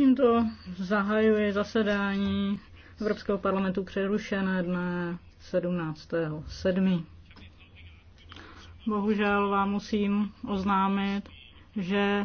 Tímto zahajuji zasedání Evropského parlamentu přerušené dne 17.7. Bohužel vám musím oznámit, že